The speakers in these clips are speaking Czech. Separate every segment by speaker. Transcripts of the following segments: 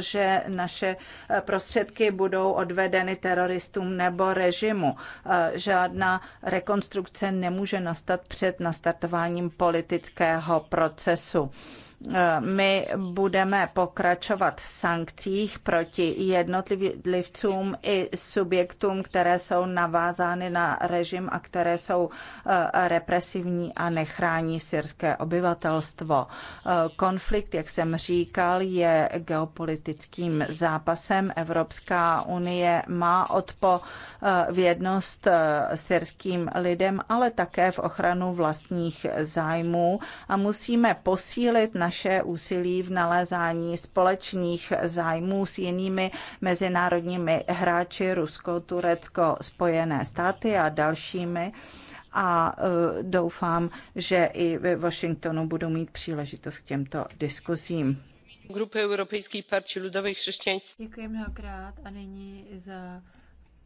Speaker 1: že naše eh, prostředky budou odvedeny teroristům nebo režimu. Eh, žádná rekonstrukce nemůže nastat před nastartováním politického procesu. My budeme pokračovat v sankcích proti jednotlivcům i subjektům, které jsou navázány na režim a které jsou eh, represivní a nechrání syrské obyvatelstvo. Eh, konflikt, jak jsem říkal, je geopolitickým zápasem. Evropská unie má odpovědnost eh, syrským lidem, ale také v ochranu vlastních zájmů a musíme posílit na naše úsilí v nalézání společných zájmů s jinými mezinárodními hráči Rusko, Turecko, Spojené státy a dalšími a e, doufám, že i ve Washingtonu budou mít příležitost k těmto diskuzím.
Speaker 2: Grupy
Speaker 3: Europejské partii Ludových
Speaker 2: křesťanství. Děkuji mnohokrát a nyní za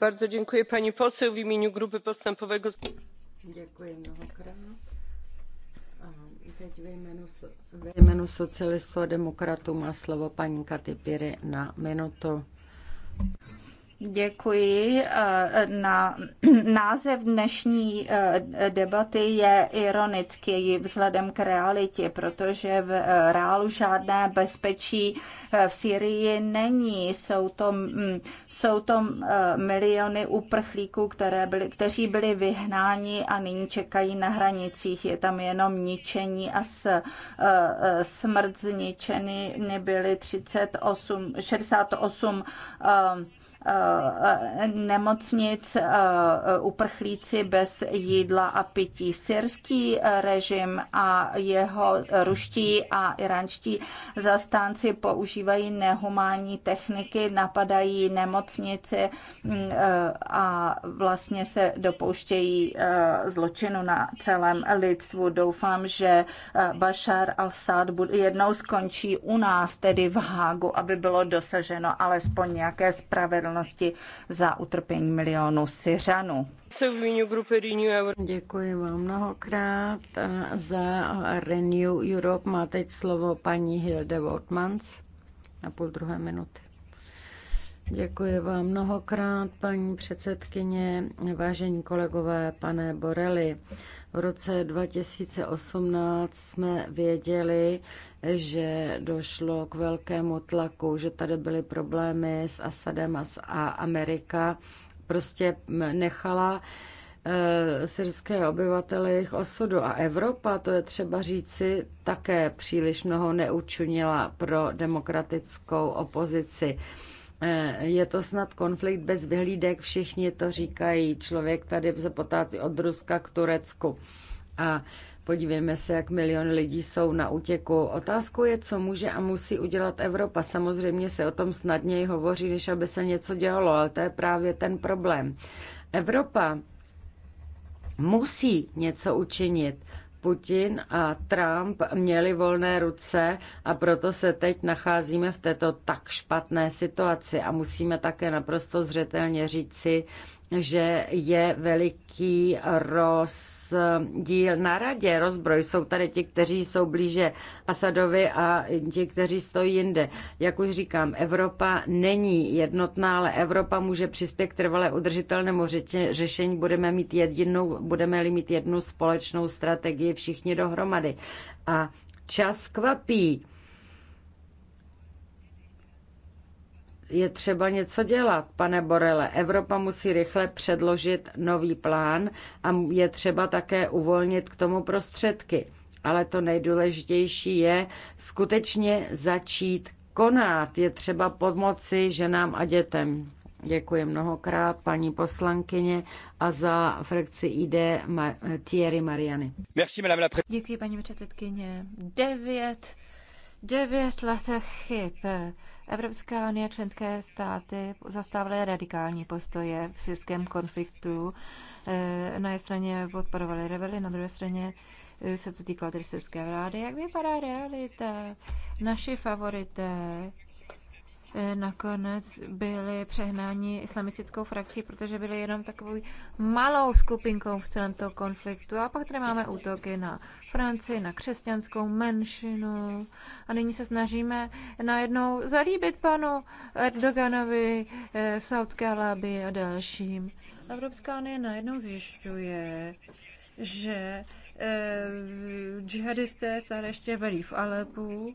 Speaker 3: Bardzo dziękuję pani poseł w imieniu grupy Děkuji mnohokrát.
Speaker 4: A ve jménu, socialistů a demokratů má slovo paní Katy Piry na minutu.
Speaker 1: Děkuji. Eh, na název dnešní eh, debaty je ironický vzhledem k realitě, protože v eh, reálu žádné bezpečí v Syrii není. Jsou to, mm, jsou to miliony uprchlíků, které byly, kteří byli vyhnáni a nyní čekají na hranicích. Je tam jenom ničení a s, smrt zničeny nebyly 38, 68 Eh, nemocnic eh, uprchlíci bez jídla a pití. Syrský eh, režim a jeho ruští a iránští zastánci používají nehumánní techniky, napadají nemocnice mm, a vlastně se dopouštějí zločinu na celém lidstvu. Doufám, že Bashar al-Assad jednou skončí u nás, tedy v Hágu, aby bylo dosaženo alespoň nějaké spravedlnosti spravedlnosti za utrpení milionů Syřanů.
Speaker 4: Děkuji vám mnohokrát za Renew Europe. Má teď slovo paní Hilde Wortmans na půl druhé minuty. Děkuji vám mnohokrát, paní předsedkyně, vážení kolegové, pane Borelli. V roce 2018 jsme věděli, že došlo k velkému tlaku, že tady byly problémy s Asadem a Amerika prostě nechala eh, syrské obyvatele jejich osudu. A Evropa, to je třeba říci, také příliš mnoho neučunila pro demokratickou opozici. Eh, je to snad konflikt bez vyhlídek, všichni to říkají, člověk tady se potácí od Ruska k Turecku a podívejme se, jak milion lidí jsou na útěku. Otázkou je, co může a musí udělat Evropa. Samozřejmě se o tom snadněji hovoří, než aby se něco dělalo, ale to je právě ten problém. Evropa musí něco učinit, Putin a Trump měli volné ruce a proto se teď nacházíme v této tak špatné situaci a musíme také naprosto zřetelně říci, že je veliký rozdíl na radě, rozbroj. Jsou tady ti, kteří jsou blíže Asadovi a ti, kteří stojí jinde. Jak už říkám, Evropa není jednotná, ale Evropa může přispět k trvale udržitelnému řešení. Budeme mít jedinou, budeme-li mít jednu společnou strategii všichni dohromady. A čas kvapí je třeba něco dělat, pane Borele. Evropa musí rychle předložit nový plán a je třeba také uvolnit k tomu prostředky. Ale to nejdůležitější je skutečně začít konat. Je třeba pomoci ženám a dětem. Děkuji mnohokrát paní poslankyně a za frakci ID Ma- Thierry Mariany.
Speaker 2: Děkuji paní předsedkyně. Devět, devět letech chyb Evropská unie členské státy zastávaly radikální postoje v syrském konfliktu. Eh, na jedné straně podporovali rebely, na druhé straně eh, se to týkalo tedy syrské vlády. Jak vypadá realita? Naši favorité eh, nakonec byli přehnáni islamistickou frakcí, protože byli jenom takovou malou skupinkou v celém toho konfliktu. A pak tady máme útoky na Francii, na křesťanskou menšinu. A nyní se snažíme najednou zalíbit panu Erdoganovi, eh, Saudské Arábii a dalším. Evropská unie najednou zjišťuje, že eh, džihadisté stále ještě velí v Alepu.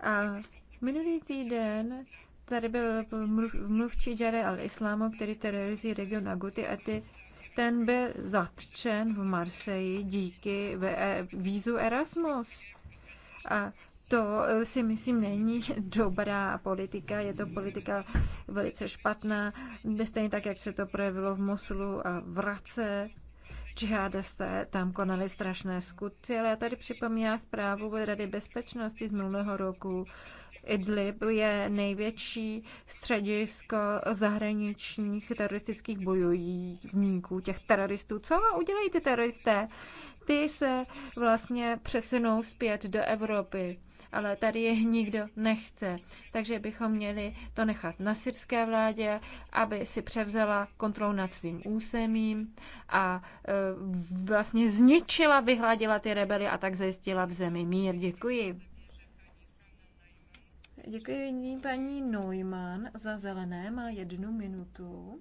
Speaker 2: A minulý týden tady byl mluv, mluvčí Jare al-Islámu, který terorizí region Aguty a ty ten byl zatčen v Marseji díky e, vízu Erasmus. A to e, si myslím není dobrá politika, je to politika velice špatná, stejně tak, jak se to projevilo v Mosulu a v Race. jste tam konali strašné skutky, ale já tady připomínám zprávu Rady bezpečnosti z minulého roku, Idlib je největší středisko zahraničních teroristických bojovníků, těch teroristů. Co udělají ty teroristé? Ty se vlastně přesunou zpět do Evropy ale tady je nikdo nechce. Takže bychom měli to nechat na syrské vládě, aby si převzala kontrolu nad svým územím a e, vlastně zničila, vyhladila ty rebely a tak zajistila v zemi mír. Děkuji. Děkuji nyní paní Neumann za zelené, má jednu minutu.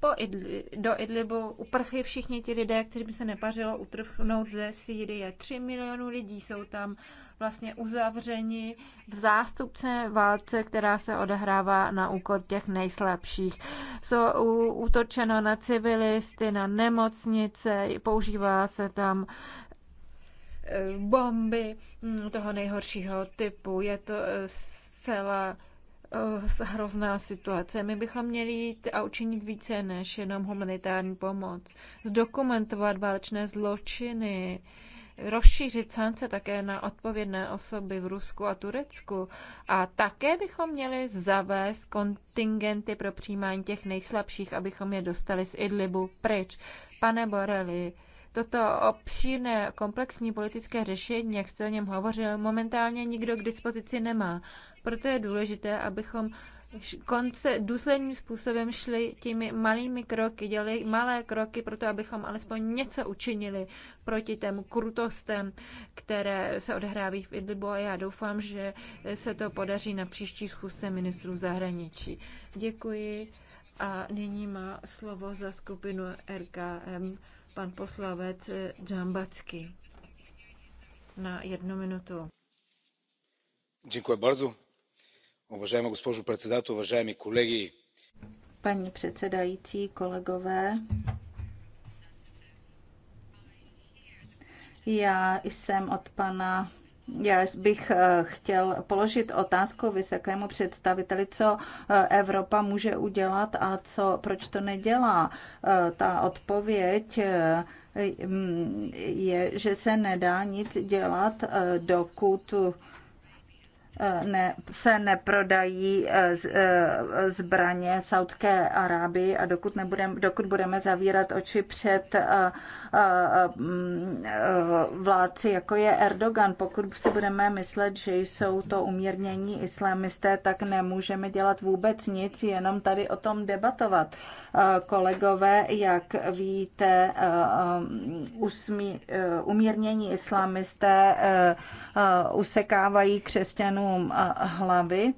Speaker 2: Po Idli, do Idlibu uprchli všichni ti lidé, kterým se nepařilo utrhnout ze Sýrie. Tři milionů lidí jsou tam vlastně uzavřeni v zástupce válce, která se odehrává na úkor těch nejslabších. Jsou útočeno na civilisty, na nemocnice, používá se tam Eh, bomby hm, toho nejhoršího typu. Je to eh, zcela eh, hrozná situace. My bychom měli jít a učinit více než jenom humanitární pomoc. Zdokumentovat válečné zločiny, rozšířit sance také na odpovědné osoby v Rusku a Turecku. A také bychom měli zavést kontingenty pro přijímání těch nejslabších, abychom je dostali z Idlibu pryč. Pane Boreli, Toto obšírné komplexní politické řešení, jak jste o něm hovořil, momentálně nikdo k dispozici nemá. Proto je důležité, abychom konce důsledným způsobem šli těmi malými kroky, dělali malé kroky pro to, abychom alespoň něco učinili proti těm krutostem, které se odehrávají v Idlibu a já doufám, že se to podaří na příští schůzce ministrů zahraničí. Děkuji a nyní má slovo za skupinu RKM pan poslavec Džambacky na jednu minutu.
Speaker 5: Děkuji bardzo. Uvažujeme gospožu předsedatu, uvažujeme kolegy.
Speaker 2: Paní
Speaker 1: předsedající, kolegové, já jsem od pana já bych eh, chtěl položit otázku vysokému představiteli, co eh, Evropa může udělat a co, proč to nedělá. Eh, ta odpověď je, že se nedá nic dělat, dokud ne, se neprodají zbraně Saudské Arábii a dokud, nebudem, dokud budeme zavírat oči před Mm, vládci, jako je Erdogan. Pokud si budeme myslet, že jsou to umírnění islamisté, tak nemůžeme dělat vůbec nic, jenom tady o tom debatovat. Kolegové, jak víte, usmí, umírnění islamisté usekávají křesťanům hlavy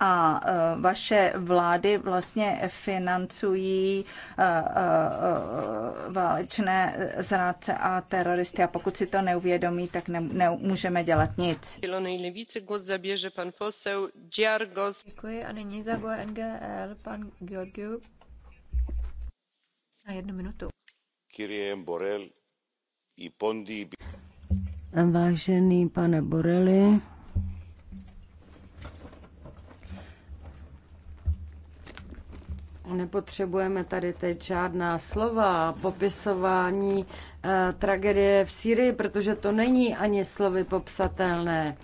Speaker 1: a e, vaše vlády vlastně financují e, e, válečné zrádce a teroristy a pokud si to neuvědomí, tak nemůžeme dělat nic.
Speaker 2: Děkuji a nyní za NGL pan Georgiou na jednu minutu.
Speaker 4: Vážený pane Borelli, Nepotřebujeme tady teď žádná slova, popisování eh, tragedie v Sýrii, protože to není ani slovy popsatelné.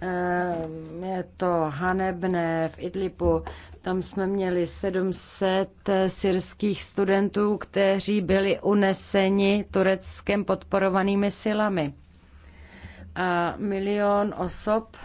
Speaker 4: Eh, je to hanebné v Idlipu. Tam jsme měli 700 syrských studentů, kteří byli uneseni tureckém podporovanými silami. A milion osob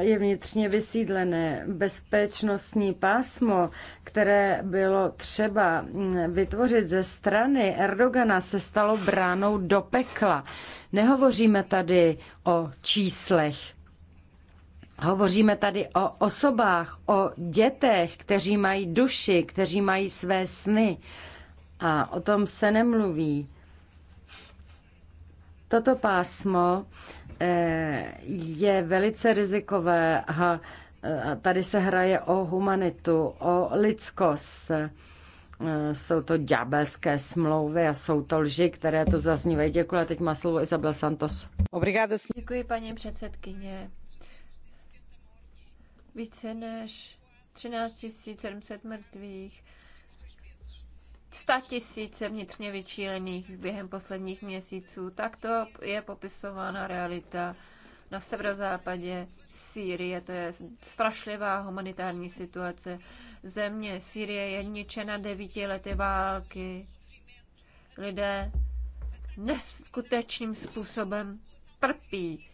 Speaker 4: je vnitřně vysídlené bezpečnostní pásmo, které bylo třeba mm, vytvořit ze strany Erdogana, se stalo bránou do pekla. Nehovoříme tady o číslech. Hovoříme tady o osobách, o dětech, kteří mají duši, kteří mají své sny. A o tom se nemluví. Toto pásmo je velice rizikové a tady se hraje o humanitu, o lidskost. Jsou to ďábelské smlouvy a jsou to lži, které tu zaznívají. Děkuji a teď má slovo Isabel Santos.
Speaker 2: Děkuji, paní předsedkyně. Více než 13 700 mrtvých, sta tisíce vnitřně vyčílených během posledních měsíců. Takto je popisována realita na severozápadě Sýrie. To je strašlivá humanitární situace. Země Sýrie je ničena devíti lety války. Lidé neskutečným způsobem trpí.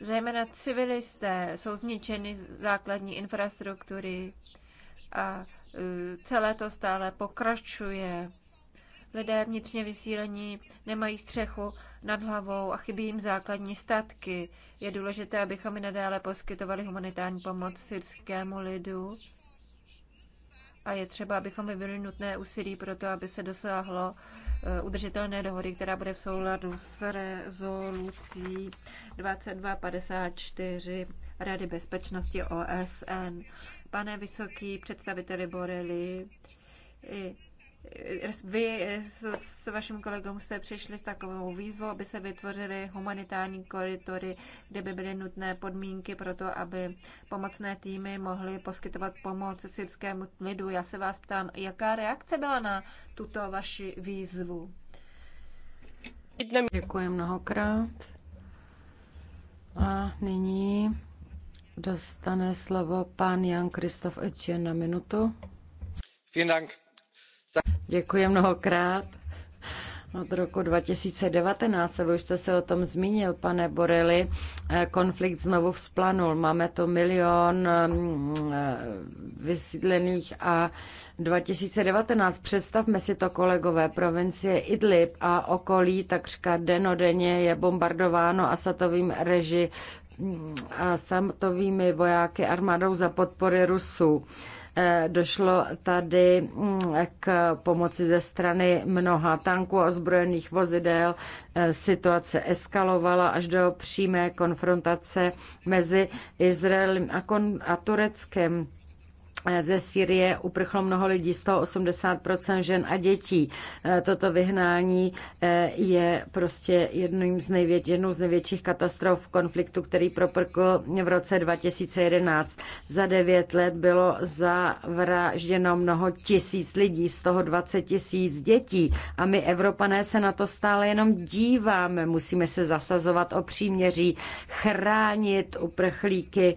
Speaker 2: Zejména civilisté jsou zničeny základní infrastruktury a e, celé to stále pokračuje. Lidé vnitřně vysílení nemají střechu nad hlavou a chybí jim základní statky. Je důležité, abychom i nadále poskytovali humanitární pomoc syrskému lidu a je třeba, abychom vyvinuli nutné úsilí pro to, aby se dosáhlo eh, udržitelné dohody, která bude v souladu s rezolucí 2254 Rady bezpečnosti OSN. Pane vysoký představiteli Borely, vy s, s vaším kolegou jste přišli s takovou výzvou, aby se vytvořily humanitární koridory, kde by byly nutné podmínky pro to, aby pomocné týmy mohly poskytovat pomoc syrskému lidu. Já se vás ptám, jaká reakce byla na tuto vaši výzvu?
Speaker 4: Děkuji mnohokrát. A nyní dostane slovo pan Jan Kristof Etienne na minutu. Vielen Dank. Děkuji mnohokrát. Od roku 2019, a vy už jste se o tom zmínil, pane Borely, eh, konflikt znovu vzplanul. Máme tu milion mm, eh, vysídlených a 2019, představme si to, kolegové, provincie Idlib a okolí takřka denodenně je bombardováno asatovým reži, mm, samotovými vojáky armádou za podpory Rusů Eh, došlo tady mm, k pomoci ze strany mnoha tanků a ozbrojených vozidel. Eh, situace eskalovala až do přímé konfrontace mezi Izraelem a, kon- a Tureckem ze Syrie uprchlo mnoho lidí, 180% žen a dětí. E, toto vyhnání e, je prostě jedním z největ, jednou z největších katastrof konfliktu, který proprkl v roce 2011. Za devět let bylo zavražděno mnoho tisíc lidí, z toho 20 tisíc dětí. A my, Evropané, se na to stále jenom díváme. Musíme se zasazovat o příměří, chránit uprchlíky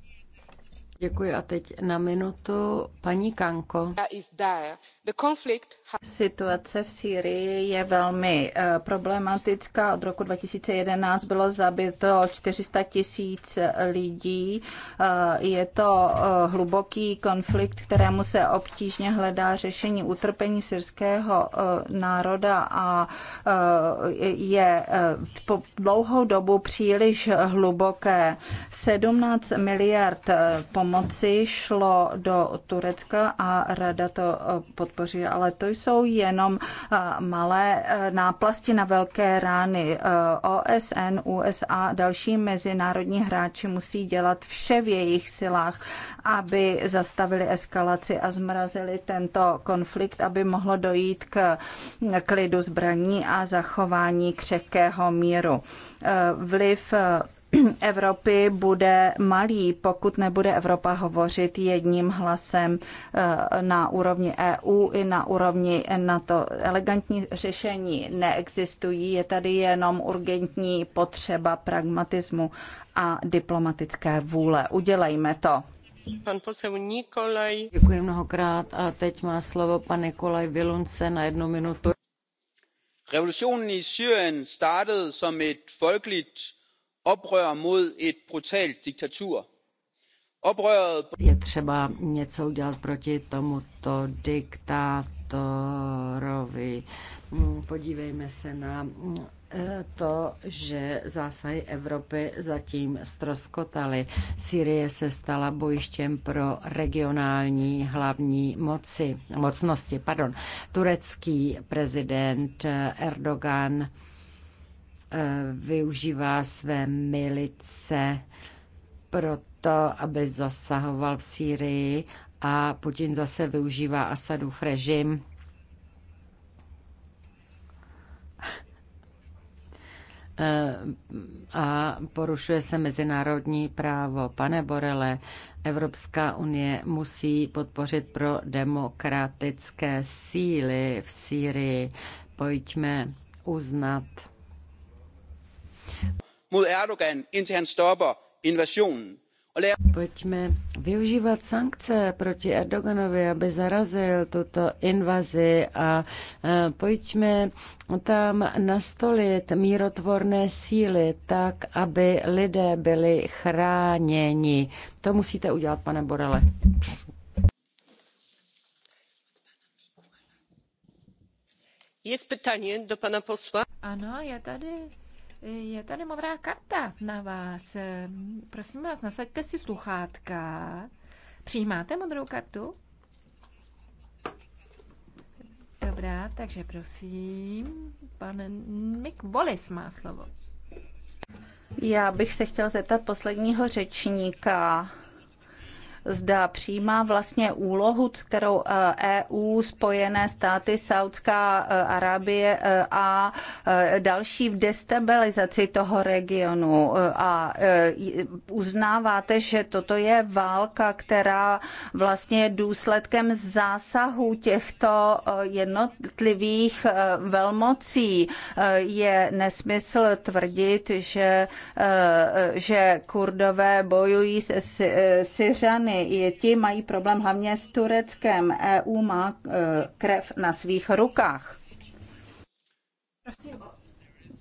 Speaker 4: Děkuji a teď na minutu
Speaker 1: paní Kanko. Situace v Sýrii je velmi eh, problematická. Od roku 2011 bylo zabito 400 tisíc lidí. Eh, je to eh, hluboký konflikt, kterému se obtížně hledá řešení utrpení syrského národa a je po dlouhou dobu příliš hluboké. 17 miliard pomoci pomoci šlo do Turecka a rada to eh, podpoří, ale to jsou jenom eh, malé eh, náplasti na velké rány. OSN, USA a další mezinárodní hráči musí dělat vše v jejich silách, aby zastavili eskalaci a zmrazili tento konflikt, aby mohlo dojít k klidu zbraní a zachování křehkého míru. Vliv Evropy bude malý, pokud nebude Evropa hovořit jedním hlasem eh, na úrovni EU i na úrovni NATO. Elegantní řešení neexistují, je tady jenom urgentní potřeba pragmatismu a diplomatické vůle. Udělejme to.
Speaker 3: Pan posel Nikolaj. Děkuji
Speaker 4: mnohokrát a teď má slovo pan Nikolaj Vilunce na jednu minutu.
Speaker 6: Revolutionen i Syrien startede som et folkeligt oprør mod et brutalt diktatur.
Speaker 4: Je třeba něco udělat proti tomuto diktátorovi. Podívejme se na eh, to, že zásahy Evropy zatím ztroskotaly. Sýrie se stala bojištěm pro regionální hlavní moci, mocnosti. Pardon. Turecký prezident Erdogan Eh, využívá své milice pro to, aby zasahoval v Sýrii a Putin zase využívá Asadův režim eh, a porušuje se mezinárodní právo. Pane Borele, Evropská unie musí podpořit pro demokratické síly v Sýrii. Pojďme uznat Pojďme využívat sankce proti Erdoganovi, aby zarazil tuto invazi a e, pojďme tam nastolit mírotvorné síly tak, aby lidé byli chráněni. To musíte udělat, pane Borele.
Speaker 3: Jest pytanie do
Speaker 2: pana posła. Ano, je tady je tady modrá karta na vás. Prosím vás, nasaďte si sluchátka. Přijímáte modrou kartu? Dobrá, takže prosím, pan Mick Bolis má slovo.
Speaker 1: Já bych se chtěl zeptat posledního řečníka zda přijímá vlastně úlohu, kterou EU, eh, e Spojené státy, Saudská eh, Arábie eh, a další v destabilizaci toho regionu. A uznáváte, že toto je válka, která vlastně je důsledkem zásahu těchto jednotlivých velmocí. Je nesmysl tvrdit, že, že kurdové bojují se Syřany problémy. Ti mají problém hlavně s Tureckem. EU má e, krev na svých rukách. Prosím o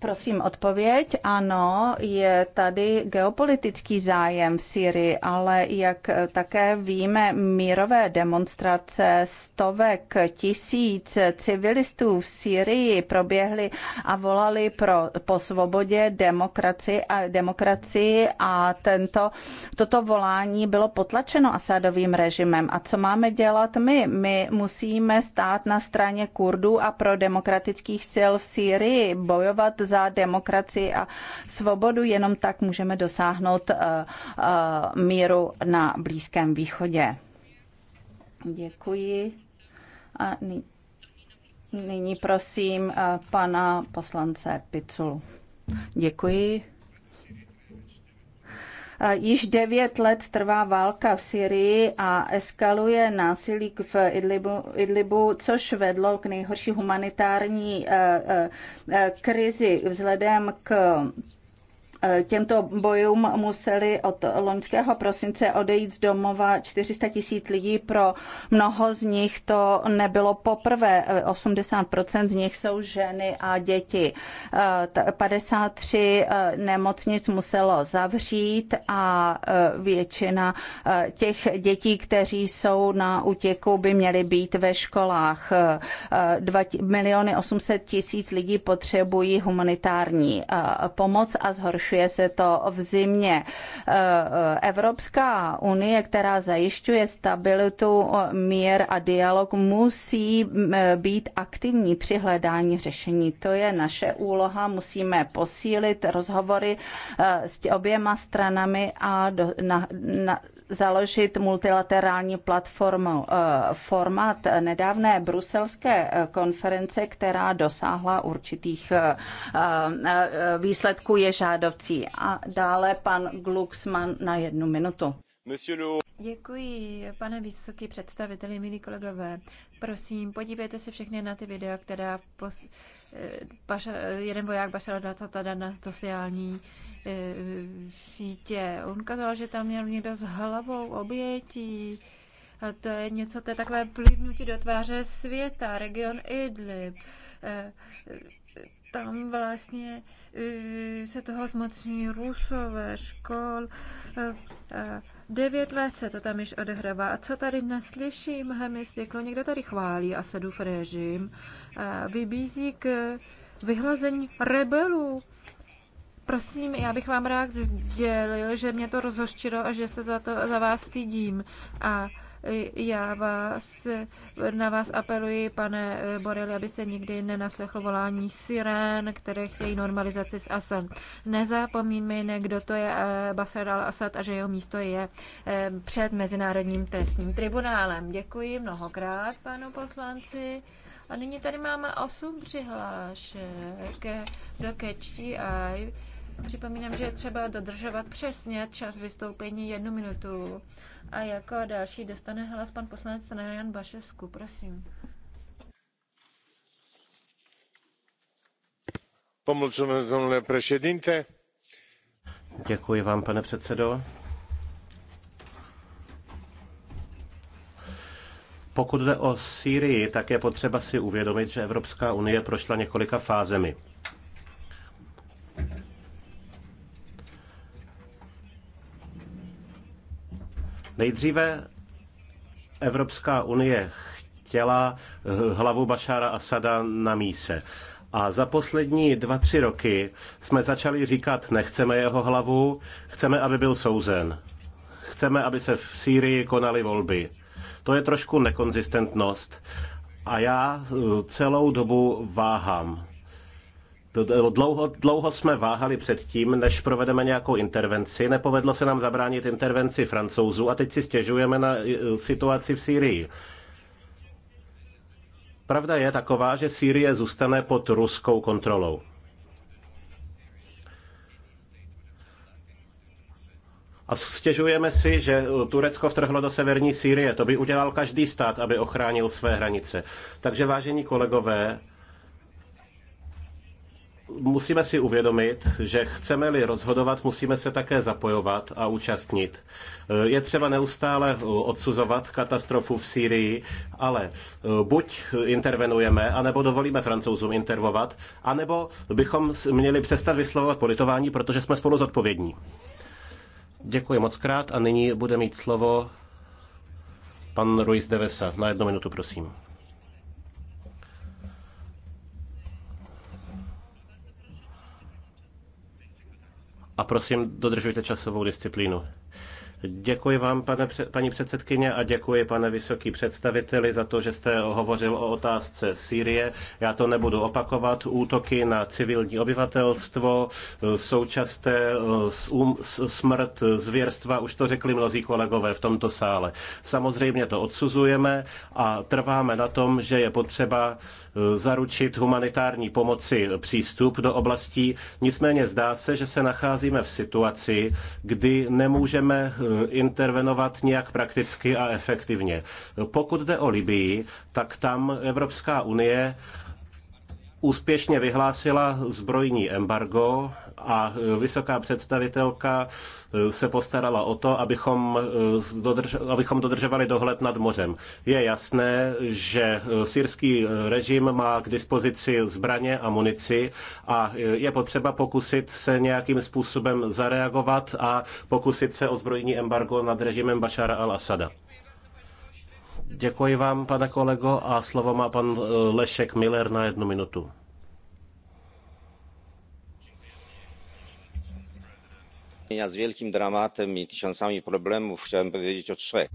Speaker 1: Prosím odpověď. Ano, je tady geopolitický zájem v Syrii, ale jak také víme, mírové demonstrace stovek tisíc civilistů v Syrii proběhly a volali pro, po svobodě demokraci a, demokracii a tento, toto volání bylo potlačeno Asadovým režimem. A co máme dělat my? My musíme stát na straně Kurdů a pro demokratických sil v Syrii, bojovat za demokracii a svobodu. Jenom tak můžeme dosáhnout eh, eh, míru na Blízkém východě. Děkuji. A nyní prosím eh, pana poslance Piculu. Děkuji. Eh, již devět let trvá válka v Syrii a eskaluje násilí v Idlibu, Idlibu což vedlo k nejhorší humanitární eh, eh, krizi vzhledem k Eh, těmto bojům museli od loňského prosince odejít z domova 400 tisíc lidí. Pro mnoho z nich to nebylo poprvé. 80% eh, z nich jsou ženy a děti. 53 eh, nemocnic muselo zavřít a většina těch dětí, kteří jsou na útěku, by měly být ve školách. 2 miliony 800 tisíc lidí potřebují humanitární pomoc a zhoršují zhoršuje se to v zimě. E, e, Evropská unie, která zajišťuje stabilitu, mír a dialog, musí být aktivní při hledání řešení. To je naše úloha, musíme posílit rozhovory e, s oběma stranami a do, na, na, založit multilaterální platformu. Eh, format nedávné bruselské eh, konference, která dosáhla určitých eh, výsledků, je žádovcí. A dále pan Glucksmann na jednu minutu.
Speaker 2: Děkuji, pane vysoký představiteli, milí kolegové. Prosím, podívejte se všechny na ty videa, která pos... Baša... jeden voják Bašara Data na sociální uh, E, sítě. On kazal, že tam měl někdo s hlavou obětí. A to je něco, to je takové plivnutí do tváře světa, region Idlib. E, tam vlastně e, se toho zmocní rusové škol. Devět let se to tam již odehrává. A co tady dnes slyším, hemisvěklo, někdo tady chválí A sedu režim, vybízí k vyhlazení rebelů Prosím, já bych vám rád sdělil, že mě to rozhoštilo a že se za to za vás stydím. A já vás, na vás apeluji, pane Borelli, abyste nikdy nenaslechl volání sirén, které chtějí normalizaci s Asad. Nezapomínejme, kdo to je eh, Basar al-Assad a že jeho místo je eh, před Mezinárodním trestním tribunálem. Děkuji mnohokrát, panu poslanci. A nyní tady máme osm přihlášek do Catchy Eye. Připomínám, že je třeba dodržovat přesně čas vystoupení jednu minutu. A jako další dostane hlas pan poslanec Jan Bašesku. Prosím.
Speaker 5: Pane
Speaker 7: Děkuji vám, pane předsedo. Pokud jde o Sýrii, tak je potřeba si uvědomit, že Evropská unie prošla několika fázemi. Nejdříve Evropská unie chtěla eh, hlavu Bašára Asada na míse. A za poslední dva, tři roky jsme začali říkat, nechceme jeho hlavu, chceme, aby byl souzen. Chceme, aby se v Sýrii konaly volby. To je trošku nekonzistentnost. A já eh, celou dobu váhám. Dlouho, dlouho jsme váhali před tím, než provedeme nějakou intervenci. Nepovedlo se nám zabránit intervenci francouzů a teď si stěžujeme na eh, situaci v Sýrii. Pravda je taková, že Sýrie zůstane pod ruskou kontrolou. A stěžujeme si, že eh, Turecko vtrhlo do severní Sýrie. To by udělal každý stát, aby ochránil své hranice. Takže vážení kolegové, musíme si uvědomit, že chceme-li rozhodovat, musíme se také zapojovat a účastnit. Je třeba neustále odsuzovat katastrofu v Sýrii, ale buď intervenujeme, anebo dovolíme francouzům intervovat, anebo bychom měli přestat vyslovovat politování, protože jsme spolu zodpovědní. Děkuji moc krát a nyní bude mít slovo pan Ruiz Devesa. Na jednu minutu, prosím. A prosím, dodržujte časovou disciplínu. Děkuji vám, pane, paní předsedkyně, a děkuji, pane vysoký představiteli, za to, že jste hovořil o otázce Sýrie. Já to nebudu opakovat. Útoky na civilní obyvatelstvo, současné um-, smrt, zvěrstva, už to řekli mnozí kolegové v tomto sále. Samozřejmě to odsuzujeme a trváme na tom, že je potřeba e, zaručit humanitární pomoci e, přístup do oblastí. Nicméně zdá se, že se nacházíme v situaci, kdy nemůžeme e, Eh, intervenovat nějak prakticky a efektivně. Pokud jde o Libii, tak tam Evropská unie úspěšně vyhlásila zbrojní embargo a e, vysoká představitelka e, se postarala o to, abychom, e, dodrž, abychom dodržovali dohled nad mořem. Je jasné, že syrský režim má k dispozici zbraně a munici a je potřeba pokusit se nějakým způsobem zareagovat a pokusit se o zbrojní embargo nad režimem Bašara al-Asada. Děkuji vám, pane kolego, a slovo má pan Lešek Miller na jednu minutu.
Speaker 5: z wielkim dramatem i tysiącami problemów chciałem powiedzieć o trzech.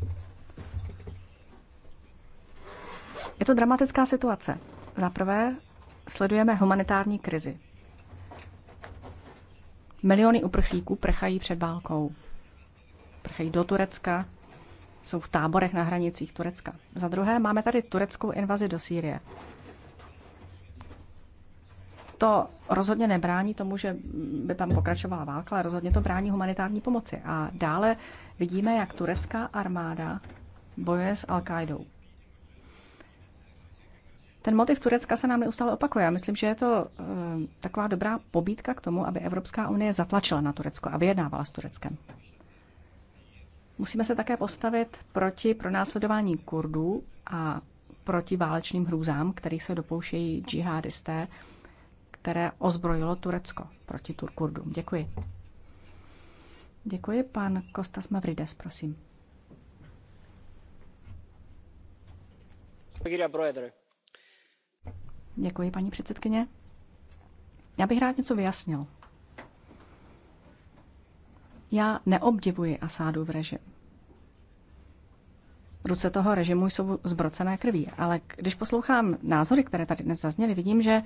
Speaker 8: Je to dramatická situace. Za prvé sledujeme humanitární krizi. Miliony uprchlíků prchají před válkou. Prchají do Turecka, jsou v táborech na hranicích Turecka. Za druhé máme tady tureckou invazi do Sýrie. To rozhodně nebrání tomu, že by tam pokračovala válka, ale rozhodně to brání humanitární pomoci. A dále vidíme, jak turecká armáda bojuje s Al-Qaidou. Ten motiv Turecka se nám neustále opakuje. Já myslím, že je to e, taková dobrá pobídka k tomu, aby Evropská unie zatlačila na Turecko a vyjednávala s Tureckem. Musíme se také postavit proti pronásledování Kurdů a proti válečným hrůzám, kterých se dopouštějí džihadisté které ozbrojilo Turecko proti Turkurdům. Děkuji. Děkuji. Pan Kostas Mavrides, prosím. Děkuji, paní předsedkyně. Já bych rád něco vyjasnil. Já neobdivuji v režim. Ruce toho režimu jsou zbrocené krví, ale když poslouchám názory, které tady dnes zazněly, vidím, že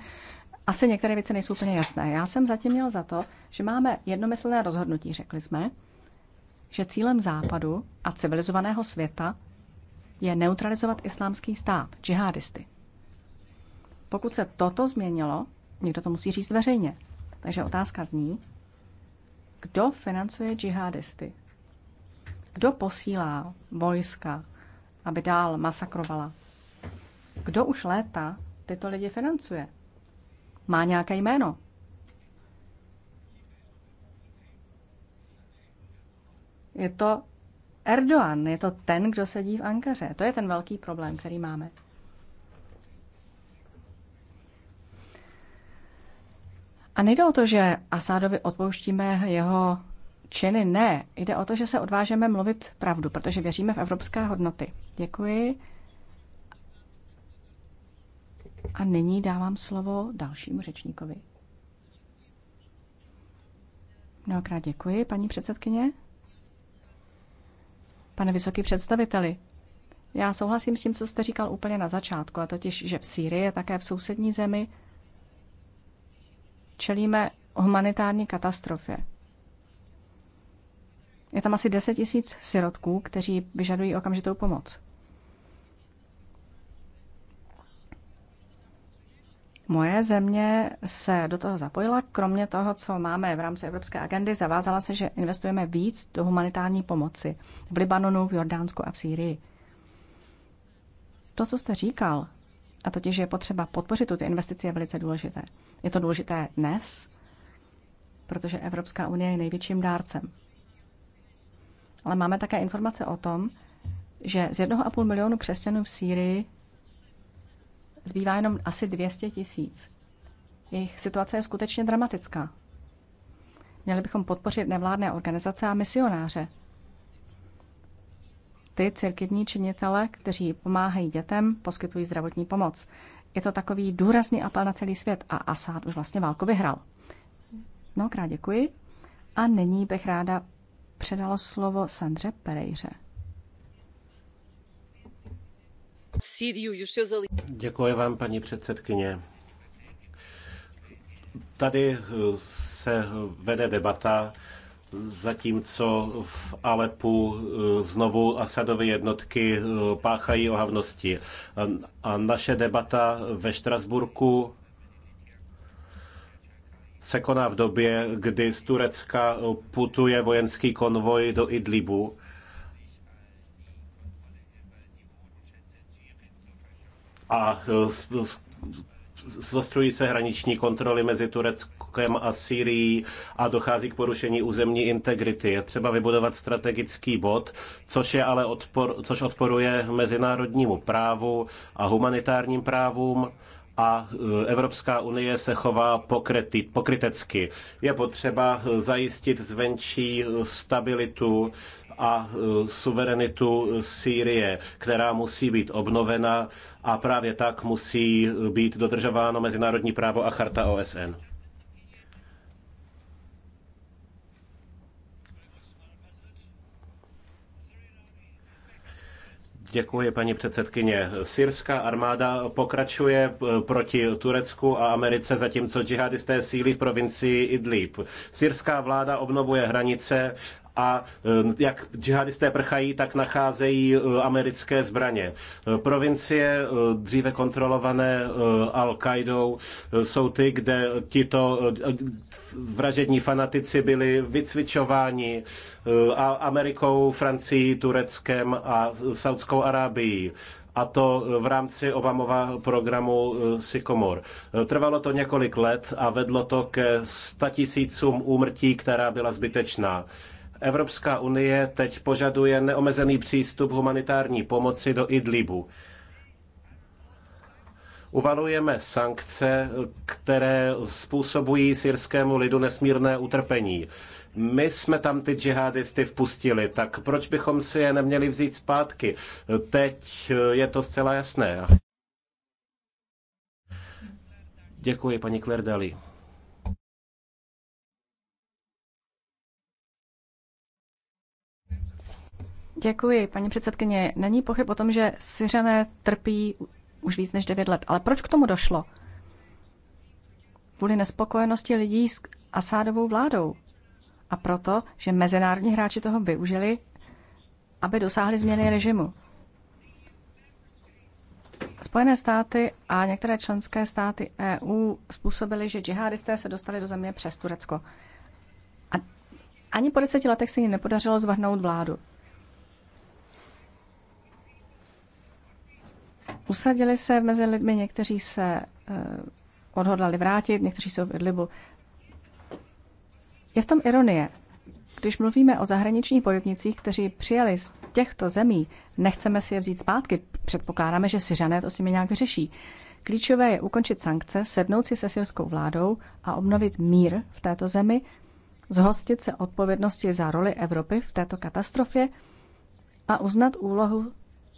Speaker 8: asi některé věci nejsou úplně jasné. Já jsem zatím měl za to, že máme jednomyslné rozhodnutí, řekli jsme, že cílem západu a civilizovaného světa je neutralizovat islámský stát, džihadisty. Pokud se toto změnilo, někdo to musí říct veřejně. Takže otázka zní, kdo financuje džihadisty? Kdo posílá vojska, aby dál masakrovala? Kdo už léta tyto lidi financuje? má nějaké jméno. Je to Erdoğan, je to ten, kdo sedí v Ankaře. To je ten velký problém, který máme. A nejde o to, že Asádovi odpouštíme jeho činy, ne. Jde o to, že se odvážeme mluvit pravdu, protože věříme v evropské hodnoty. Děkuji. A nyní dávám slovo dalšímu řečníkovi. Mnohokrát děkuji, paní předsedkyně. Pane vysoký představiteli, já souhlasím s tím, co jste říkal úplně na začátku, a totiž, že v Sýrii a také v sousední zemi čelíme humanitární katastrofě. Je tam asi 10 tisíc sirotků, kteří vyžadují okamžitou pomoc. Moje země se do toho zapojila, kromě toho, co máme v rámci Evropské agendy, zavázala se, že investujeme víc do humanitární pomoci v Libanonu, v Jordánsku a v Sýrii. To, co jste říkal, a totiž je potřeba podpořit tu investici, je velice důležité. Je to důležité dnes, protože Evropská unie je největším dárcem. Ale máme také informace o tom, že z 1,5 milionu křesťanů v Sýrii zbývá jenom asi 200 tisíc. Jejich situace je skutečně dramatická. Měli bychom podpořit nevládné organizace a misionáře. Ty církevní činitele, kteří pomáhají dětem, poskytují zdravotní pomoc. Je to takový důrazný apel na celý svět a Asad už vlastně válku vyhrál. Mnohokrát děkuji a nyní bych ráda předala slovo Sandře Perejře.
Speaker 7: Děkuji vám, paní předsedkyně. Tady eh, se vede debata, zatímco v Alepu eh, znovu Asadovy jednotky eh, páchají ohavnosti. A naše debata ve Štrasburku se koná v době, kdy z Turecka putuje vojenský konvoj do Idlibu a e, zostrují se hraniční kontroly mezi Tureckem a Syrií a dochází k porušení územní integrity. Je třeba vybudovat strategický bod, což je ale odpor, což odporuje mezinárodnímu právu a humanitárním právům a e, Evropská unie se chová pokrety, pokrytecky. Je potřeba e, zajistit zvenčí stabilitu a e, suverenitu Sýrie, která musí být obnovena a právě tak musí být dodržováno mezinárodní právo a charta OSN. Děkuji, paní předsedkyně. Syrská armáda pokračuje e, proti Turecku a Americe, zatímco džihadisté sílí v provincii Idlib. Syrská vláda obnovuje hranice a eh, jak džihadisté prchají, tak nacházejí eh, americké zbraně. Eh, provincie dříve kontrolované Al-Qaidou jsou ty, kde tito vražední fanatici byli vycvičováni Amerikou, Francií, Tureckem a Saudskou Arábií a to v rámci Obamova programu Sikomor. Trvalo to několik let a vedlo to ke statisícům úmrtí, která byla zbytečná. Evropská unie teď požaduje neomezený přístup humanitární pomoci do Idlibu. Uvalujeme sankce, které způsobují syrskému lidu nesmírné utrpení. My jsme tam ty džihadisty vpustili, tak proč bychom si je neměli vzít zpátky? Teď je to zcela jasné. Děkuji, paní Klerdali.
Speaker 8: Děkuji, paní předsedkyně. Není pochyb o tom, že Syřané trpí už víc než 9 let. Ale proč k tomu došlo? Kvůli nespokojenosti lidí s Asádovou vládou. A proto, že mezinárodní hráči toho využili, aby dosáhli změny režimu. Spojené státy a některé členské státy EU způsobili, že džihadisté se dostali do země přes Turecko. A ani po deseti letech se jim nepodařilo zvrhnout vládu. Usadili se mezi lidmi, někteří se eh, odhodlali vrátit, někteří jsou v Idlibu. Je v tom ironie. Když mluvíme o zahraničních bojovnicích, kteří přijeli z těchto zemí, nechceme si je vzít zpátky. Předpokládáme, že Syřané to s nimi nějak vyřeší. Klíčové je ukončit sankce, sednout si se syrskou vládou a obnovit mír v této zemi, zhostit se odpovědnosti za roli Evropy v této katastrofě a uznat úlohu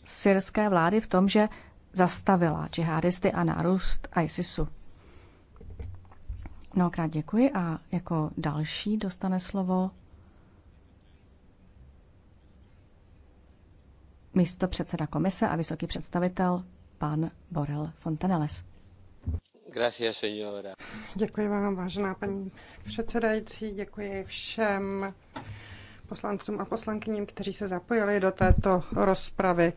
Speaker 8: syrské vlády v tom, že zastavila džihadisty a nárůst ISISu. Mnohokrát děkuji a jako další dostane slovo místo předseda komise a vysoký představitel
Speaker 9: pan Borel Fontaneles. Děkuji vám, vážená paní předsedající, děkuji všem poslancům a poslankyním, kteří se zapojili do této rozpravy.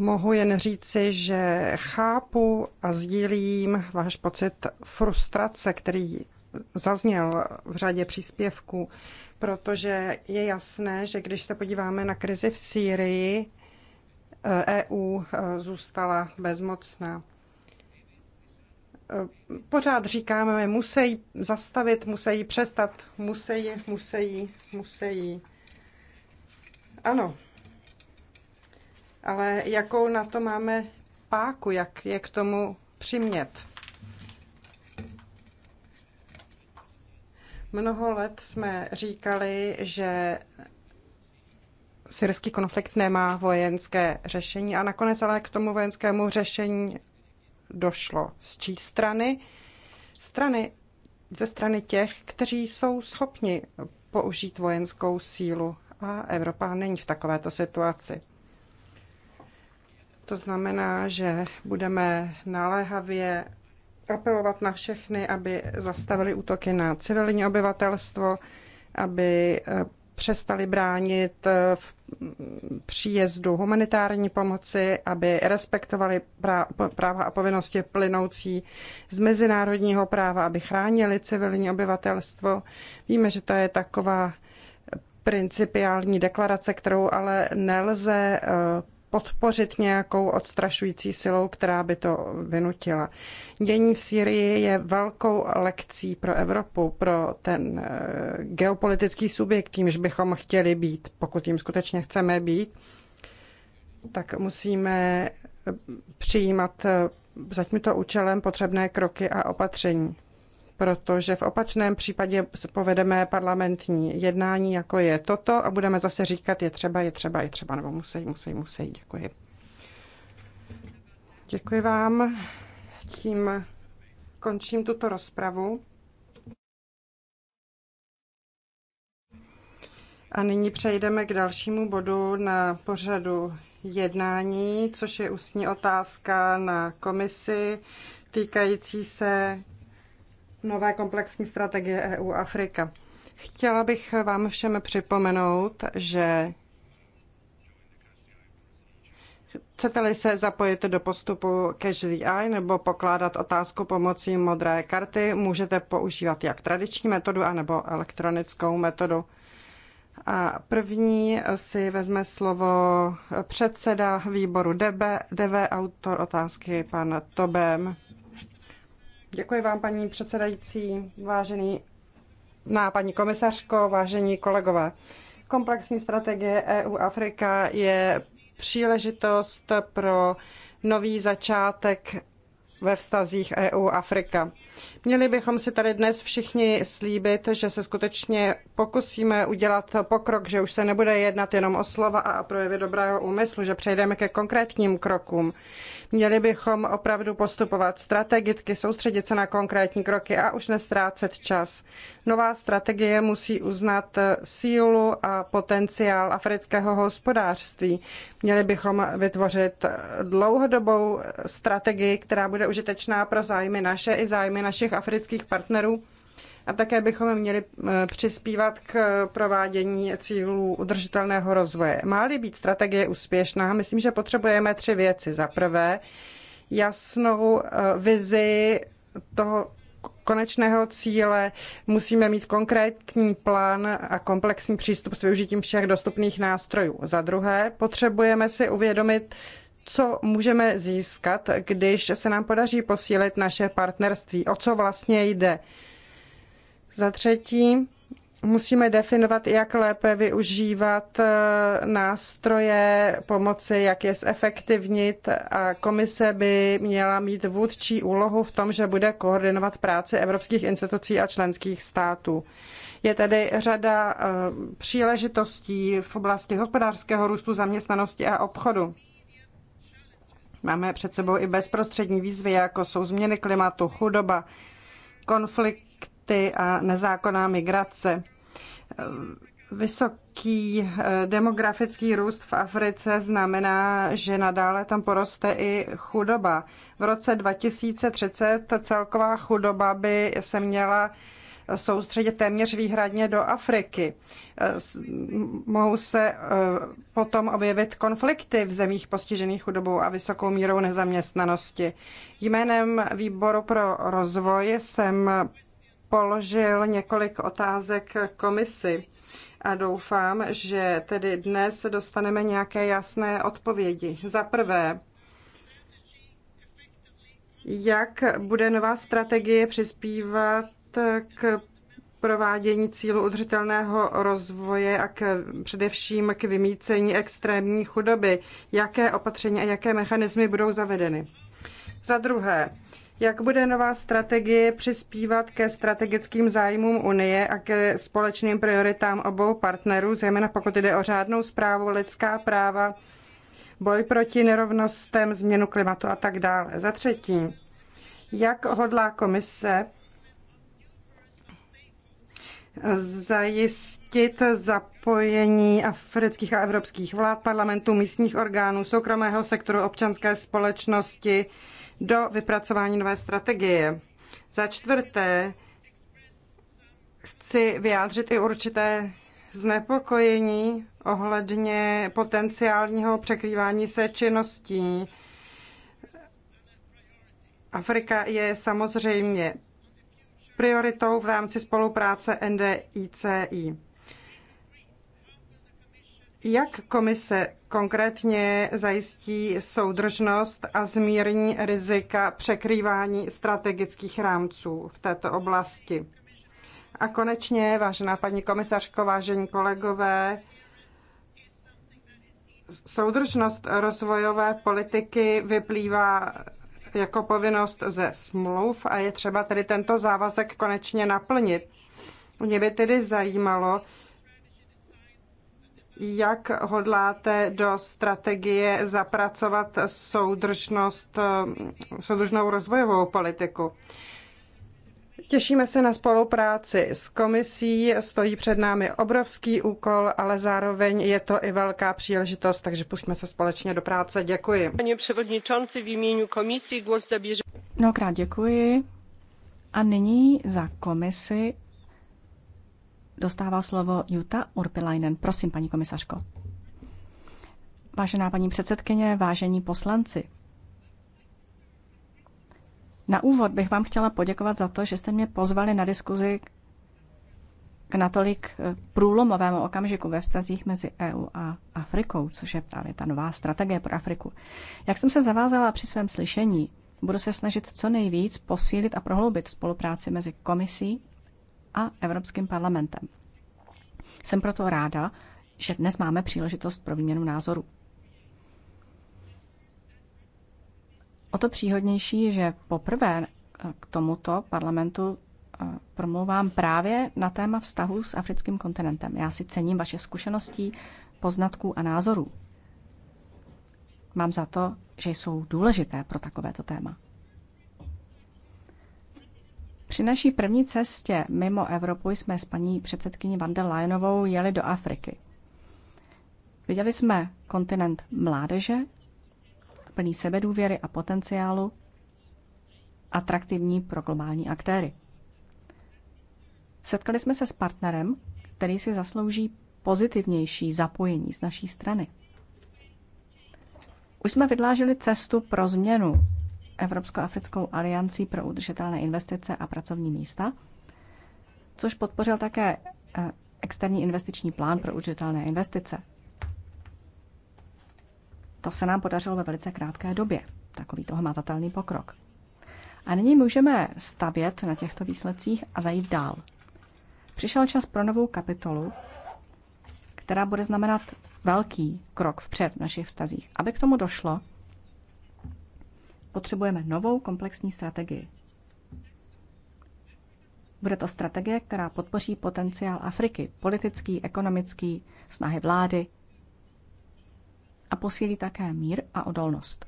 Speaker 9: Mohu jen říci, že chápu a sdílím váš pocit frustrace, který zazněl v řadě příspěvků, protože je jasné, že když se podíváme na krizi v Sýrii, EU e, zůstala bezmocná. E, pořád říkáme, musí zastavit, musí přestat, musí, musí, musí. Ano, ale jakou na to máme páku, jak je k tomu přimět. Mnoho let jsme říkali, že syrský konflikt nemá vojenské řešení a nakonec ale k tomu vojenskému řešení došlo. Z čí strany? strany? Ze strany těch, kteří jsou schopni použít vojenskou sílu a Evropa není v takovéto situaci. To znamená, že budeme naléhavě apelovat na všechny, aby zastavili útoky na civilní obyvatelstvo, aby eh, přestali bránit eh, v mm, příjezdu humanitární pomoci, aby respektovali práva a povinnosti plynoucí z mezinárodního práva, aby chránili civilní obyvatelstvo. Víme, že to je taková principiální deklarace, kterou ale nelze eh, podpořit nějakou odstrašující silou, která by to vynutila. Dění v Syrii je velkou lekcí pro Evropu, pro ten eh, geopolitický subjekt, tímž bychom chtěli být, pokud jim skutečně chceme být, tak musíme eh, přijímat eh, za tímto účelem potřebné kroky a opatření protože v opačném případě povedeme parlamentní jednání, jako je toto, a budeme zase říkat, je třeba, je třeba, je třeba, nebo musí, musí, musí. Děkuji. Děkuji vám. Tím končím tuto rozpravu. A nyní přejdeme k dalšímu bodu na pořadu jednání, což je ústní otázka na komisi týkající se nové komplexní strategie EU Afrika. Chtěla bych vám všem připomenout, že Chcete-li se zapojit do postupu Cash the Eye nebo pokládat otázku pomocí modré karty, můžete používat jak tradiční metodu, anebo elektronickou metodu. A první si vezme slovo předseda výboru DB, DV, autor otázky pan Tobem. Děkuji vám, paní předsedající, vážený na paní komisařko, vážení kolegové. Komplexní strategie EU-Afrika je příležitost pro nový začátek ve vztazích EU-Afrika. Měli bychom si tady dnes všichni slíbit, že se skutečně pokusíme udělat pokrok, že už se nebude jednat jenom o slova a projevy dobrého úmyslu, že přejdeme ke konkrétním krokům. Měli bychom opravdu postupovat strategicky, soustředit se na konkrétní kroky a už nestrácet čas. Nová strategie musí uznat sílu a potenciál afrického hospodářství. Měli bychom vytvořit dlouhodobou strategii, která bude užitečná pro zájmy naše i zájmy našich afrických partnerů. A také bychom měli eh, přispívat k provádění cílů udržitelného rozvoje. Má-li být strategie úspěšná, myslím, že potřebujeme tři věci. Za prvé, jasnou eh, vizi toho konečného cíle musíme mít konkrétní plán a komplexní přístup s využitím všech dostupných nástrojů. Za druhé, potřebujeme si uvědomit co můžeme získat, když se nám podaří posílit naše partnerství, o co vlastně jde. Za třetí, musíme definovat, jak lépe využívat eh, nástroje pomoci, jak je zefektivnit a komise by měla mít vůdčí úlohu v tom, že bude koordinovat práci evropských institucí a členských států. Je tedy řada eh, příležitostí v oblasti hospodářského růstu, zaměstnanosti a obchodu. Máme před sebou i bezprostřední výzvy, jako jsou změny klimatu, chudoba, konflikty a nezákonná migrace. Vysoký eh, demografický růst v Africe znamená, že nadále tam poroste i chudoba. V roce 2030 celková chudoba by se měla soustředit téměř výhradně do Afriky. Eh, mohou se eh, potom objevit konflikty v zemích postižených chudobou a vysokou mírou nezaměstnanosti. Jménem Výboru pro rozvoj jsem položil několik otázek komisi a doufám, že tedy dnes dostaneme nějaké jasné odpovědi. Za prvé, jak bude nová strategie přispívat k provádění cílu udržitelného rozvoje a k, především k vymícení extrémní chudoby. Jaké opatření a jaké mechanismy budou zavedeny? Za druhé, jak bude nová strategie přispívat ke strategickým zájmům Unie a ke společným prioritám obou partnerů, zejména pokud jde o řádnou zprávu, lidská práva, boj proti nerovnostem, změnu klimatu a tak dále. Za třetí, jak hodlá komise zajistit zapojení afrických a evropských vlád, parlamentů, místních orgánů, soukromého sektoru, občanské společnosti do vypracování nové strategie. Za čtvrté, chci vyjádřit i určité znepokojení ohledně potenciálního překrývání se činností. Afrika je samozřejmě prioritou v rámci spolupráce NDICI. Jak komise konkrétně zajistí soudržnost a zmírní rizika překrývání strategických rámců v této oblasti? A konečně, vážená paní komisařko, vážení kolegové, soudržnost rozvojové politiky vyplývá jako povinnost ze smluv a je třeba tedy tento závazek konečně naplnit. Mě by tedy zajímalo, jak hodláte do strategie zapracovat soudržnost, soudržnou rozvojovou politiku. Těšíme se na spolupráci s komisí, stojí před námi obrovský úkol, ale zároveň je to i velká příležitost, takže pusťme se společně do práce. Děkuji. Pane předsedající, v jménu komisí głos zabíře.
Speaker 8: Mnohokrát děkuji. A nyní za komisi dostává slovo Juta Urpilainen. Prosím, paní komisařko. Vážená paní předsedkyně, vážení poslanci, na úvod bych vám chtěla poděkovat za to, že jste mě pozvali na diskuzi k natolik eh, průlomovému okamžiku ve vztazích mezi EU a Afrikou, což je právě ta nová strategie pro Afriku. Jak jsem se zavázala při svém slyšení, budu se snažit co nejvíc posílit a prohloubit spolupráci mezi komisí a Evropským parlamentem. Jsem proto ráda, že dnes máme příležitost pro výměnu názorů. to příhodnější, že poprvé eh, k tomuto parlamentu eh, promluvám právě na téma vztahu s africkým kontinentem. Já si cením vaše zkušeností, poznatků a názorů. Mám za to, že jsou důležité pro takovéto téma. Při naší první cestě mimo Evropu jsme s paní předsedkyní Van der Leyenovou jeli do Afriky. Viděli jsme kontinent mládeže plný sebedůvěry a potenciálu, atraktivní pro globální aktéry. Setkali jsme se s partnerem, který si zaslouží pozitivnější zapojení z naší strany. Už jsme vydlážili cestu pro změnu Evropsko-Africkou aliancí pro udržitelné investice a pracovní místa, což podpořil také eh, externí investiční plán pro udržitelné investice. To se nám podařilo ve velice krátké době. Takový toho matatelný pokrok. A nyní můžeme stavět na těchto výsledcích a zajít dál. Přišel čas pro novou kapitolu, která bude znamenat velký krok vpřed v našich vztazích. Aby k tomu došlo, potřebujeme novou komplexní strategii. Bude to strategie, která podpoří potenciál Afriky, politický, ekonomický, snahy vlády, a posílí také mír a odolnost.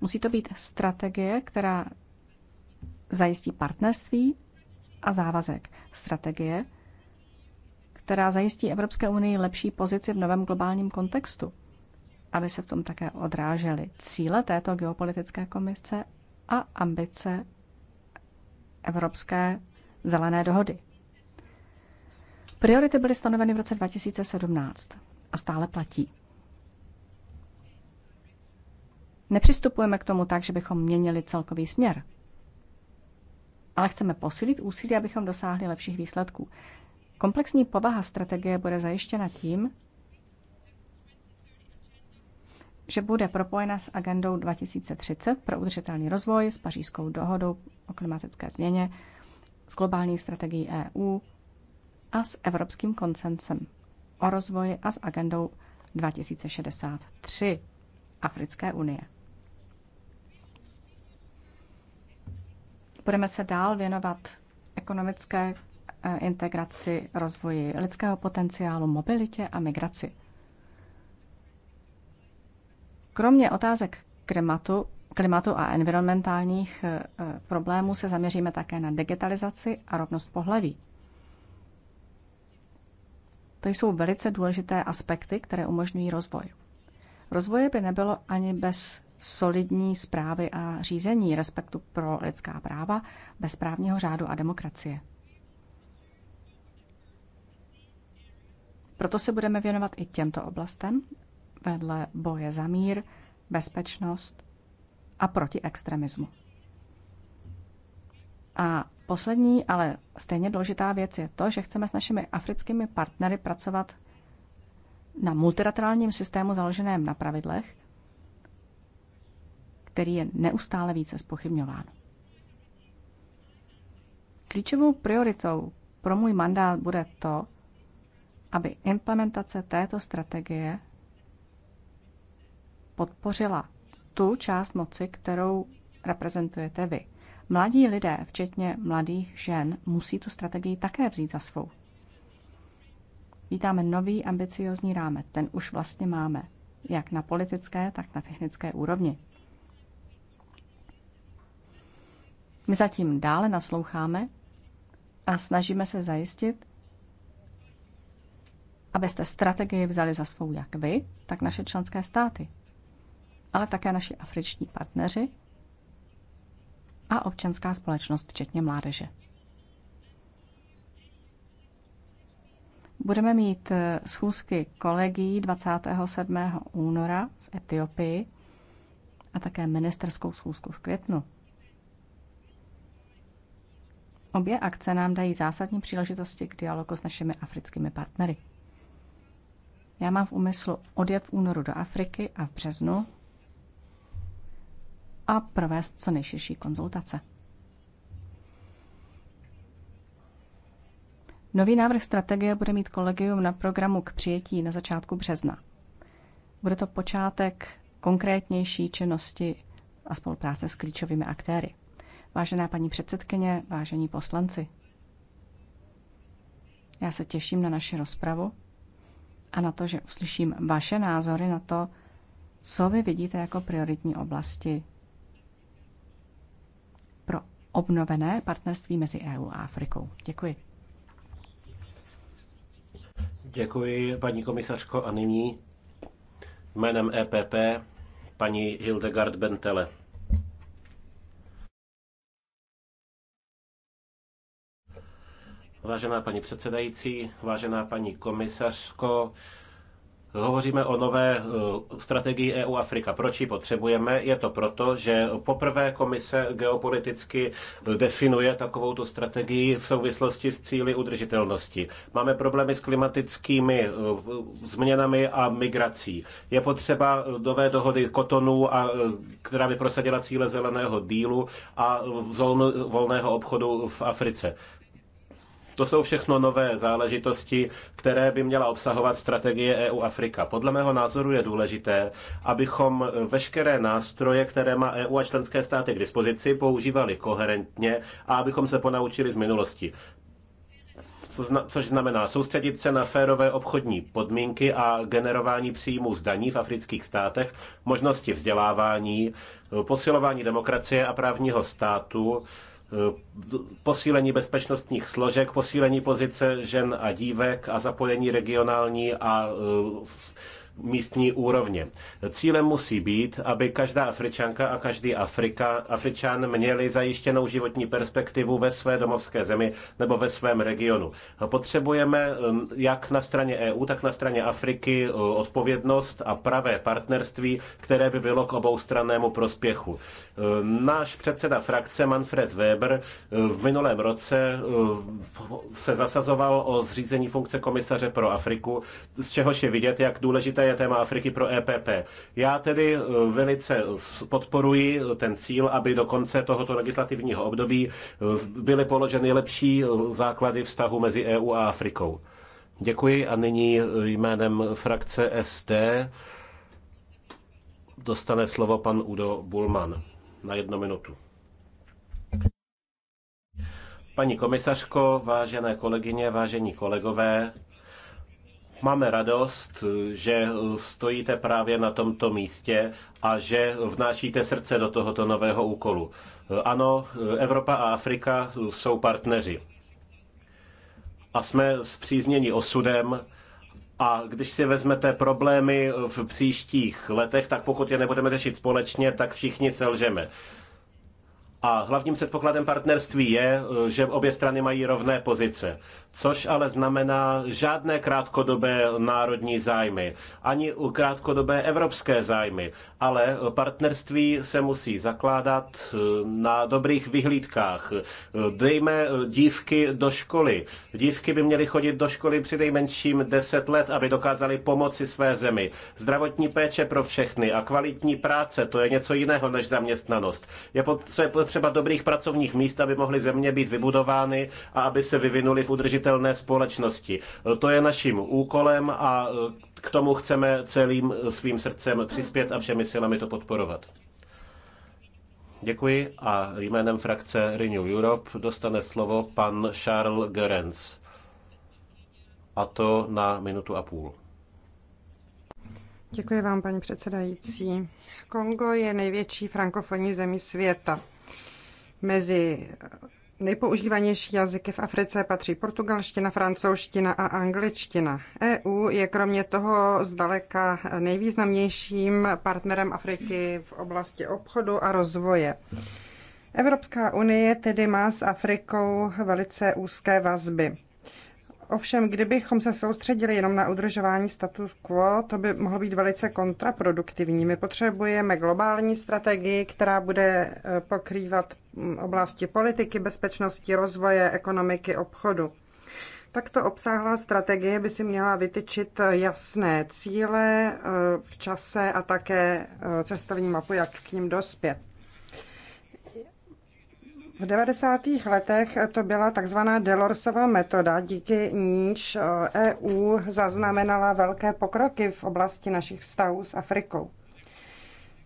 Speaker 8: Musí to být strategie, která zajistí partnerství a závazek. Strategie, která zajistí Evropské unii lepší pozici v novém globálním kontextu, aby se v tom také odrážely cíle této geopolitické komise a ambice Evropské zelené dohody. Priority byly stanoveny v roce 2017 a stále platí. Nepřistupujeme k tomu tak, že bychom měnili celkový směr. Ale chceme posílit úsilí, abychom dosáhli lepších výsledků. Komplexní povaha strategie bude zajištěna tím, že bude propojena s agendou 2030 pro udržitelný rozvoj, s pařížskou dohodou o klimatické změně, s globální strategií EU a s evropským koncensem o rozvoji a s agendou 2063 Africké unie. Budeme se dál věnovat ekonomické eh, integraci, rozvoji lidského potenciálu, mobilitě a migraci. Kromě otázek klimatu, klimatu a environmentálních eh, eh, problémů se zaměříme také na digitalizaci a rovnost pohlaví. To jsou velice důležité aspekty, které umožňují rozvoj. Rozvoje by nebylo ani bez solidní zprávy a řízení, respektu pro lidská práva, bezprávního řádu a demokracie. Proto se budeme věnovat i těmto oblastem, vedle boje za mír, bezpečnost a proti extremismu. A poslední, ale stejně důležitá věc je to, že chceme s našimi africkými partnery pracovat na multilaterálním systému založeném na pravidlech, který je neustále více spochybňován. Klíčovou prioritou pro můj mandát bude to, aby implementace této strategie podpořila tu část moci, kterou reprezentujete vy. Mladí lidé, včetně mladých žen, musí tu strategii také vzít za svou. Vítáme nový ambiciozní rámec, ten už vlastně máme, jak na politické, tak na technické úrovni. My zatím dále nasloucháme a snažíme se zajistit, abyste strategii vzali za svou jak vy, tak naše členské státy, ale také naši afriční partneři a občanská společnost, včetně mládeže. Budeme mít eh, schůzky kolegí 27. února v Etiopii a také ministerskou schůzku v květnu. Obě akce nám dají zásadní příležitosti k dialogu s našimi africkými partnery. Já mám v úmyslu odjet v únoru do Afriky a v březnu a provést co nejširší konzultace. Nový návrh strategie bude mít kolegium na programu k přijetí na začátku března. Bude to počátek konkrétnější činnosti a spolupráce s klíčovými aktéry. Vážená paní předsedkyně, vážení poslanci, já se těším na naši rozpravu a na to, že uslyším vaše názory na to, co vy vidíte jako prioritní oblasti pro obnovené partnerství mezi EU a Afrikou. Děkuji.
Speaker 7: Děkuji, paní komisařko. A nyní jménem EPP paní Hildegard Bentele. Vážená paní předsedající, vážená paní komisařko, Hovoříme o nové eh, strategii EU Afrika. Proč ji potřebujeme? Je to proto, že poprvé komise geopoliticky definuje takovou tu strategii v souvislosti s cíly udržitelnosti. Máme problémy s klimatickými eh, změnami a migrací. Je potřeba eh, nové dohody kotonů, a, která by prosadila cíle zeleného dílu a zónu volného obchodu v Africe. To jsou všechno nové záležitosti, které by měla obsahovat strategie EU Afrika. Podle mého názoru je důležité, abychom veškeré nástroje, které má EU a členské státy k dispozici, používali koherentně a abychom se ponaučili z minulosti což znamená soustředit se na férové obchodní podmínky a generování příjmů z daní v afrických státech, možnosti vzdělávání, posilování demokracie a právního státu, posílení bezpečnostních složek, posílení pozice žen a dívek a zapojení regionální a místní úrovně. Cílem musí být, aby každá Afričanka a každý Afrika, Afričan měli zajištěnou životní perspektivu ve své domovské zemi nebo ve svém regionu. Potřebujeme um, jak na straně EU, tak na straně Afriky uh, odpovědnost a pravé partnerství, které by bylo k oboustrannému prospěchu. Uh, náš předseda frakce Manfred Weber uh, v minulém roce se zasazoval o zřízení funkce komisaře pro Afriku, z čehož je vidět, jak důležité důležité je téma Afriky pro EPP. Já tedy eh, velice podporuji ten cíl, aby do konce tohoto legislativního období eh, byly položeny lepší eh, základy vztahu mezi EU a Afrikou. Děkuji a nyní jménem frakce SD dostane slovo pan Udo Bulman na jednu minutu. Paní komisařko, vážené kolegyně, vážení kolegové, Máme radost, že stojíte právě na tomto místě a že vnášíte srdce do tohoto nového úkolu. Ano, Evropa a Afrika jsou partneři. A jsme zpřízněni osudem, a když si vezmete problémy v příštích letech, tak pokud je nebudeme řešit společně, tak všichni selžeme. A hlavním předpokladem partnerství je, eh, že obě strany mají rovné pozice, což ale znamená žádné krátkodobé národní zájmy, ani krátkodobé evropské zájmy, ale partnerství se musí zakládat eh, na dobrých vyhlídkách. Eh, dejme eh, dívky do školy. Dívky by měly chodit do školy při nejmenším 10 let, aby dokázali pomoci své zemi. Zdravotní péče pro všechny a kvalitní práce, to je něco jiného než zaměstnanost. Je potřeba dobrých pracovních míst, aby mohly země být vybudovány a aby se vyvinuly v udržitelné společnosti. To je naším úkolem a k tomu chceme celým eh, svým srdcem přispět a všemi silami to podporovat. Děkuji a jménem frakce Renew Europe dostane slovo pan Charles Gerens. A to na minutu a půl.
Speaker 9: Děkuji vám, paní předsedající. Kongo je největší frankofonní zemí světa. Mezi Nejpoužívanější jazyky v Africe patří portugalština, francouzština a angličtina. EU je kromě toho zdaleka nejvýznamnějším partnerem Afriky v oblasti obchodu a rozvoje. Evropská unie tedy má s Afrikou velice úzké vazby. Ovšem, kdybychom se soustředili jenom na udržování statu quo, to by mohlo být velice kontraproduktivní. My potřebujeme globální strategii, která bude eh, pokrývat mm, oblasti politiky, bezpečnosti, rozvoje, ekonomiky, obchodu. Takto obsáhlá strategie by si měla vytyčit eh, jasné cíle eh, v čase a také cestovní mapu, jak k ním dospět. V 90. letech to byla takzvaná Delorsova metoda, díky níž EU eh, e zaznamenala velké pokroky v oblasti našich vztahů s Afrikou.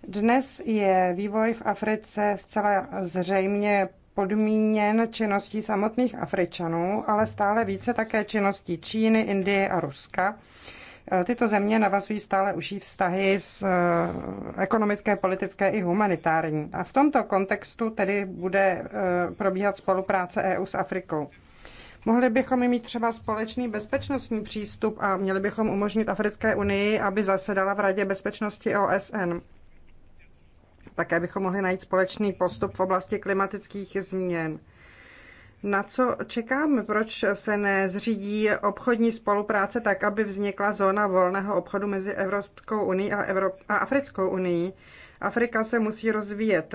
Speaker 9: Dnes je vývoj v Africe zcela zřejmě podmíněn činností samotných Afričanů, ale stále více také činností Číny, Indie a Ruska, Eh, tyto země navazují stále užší vztahy z eh, ekonomické, politické i humanitární. A v tomto kontextu tedy bude eh, probíhat spolupráce EU s Afrikou. Mohli bychom mít třeba společný bezpečnostní přístup a měli bychom umožnit Africké unii, aby zasedala v Radě bezpečnosti OSN. Také bychom mohli najít společný postup v oblasti klimatických změn na co čekáme? Proč se nezřídí obchodní spolupráce tak, aby vznikla zóna volného obchodu mezi Evropskou unii a, Evrop- a Africkou unii? Afrika se musí rozvíjet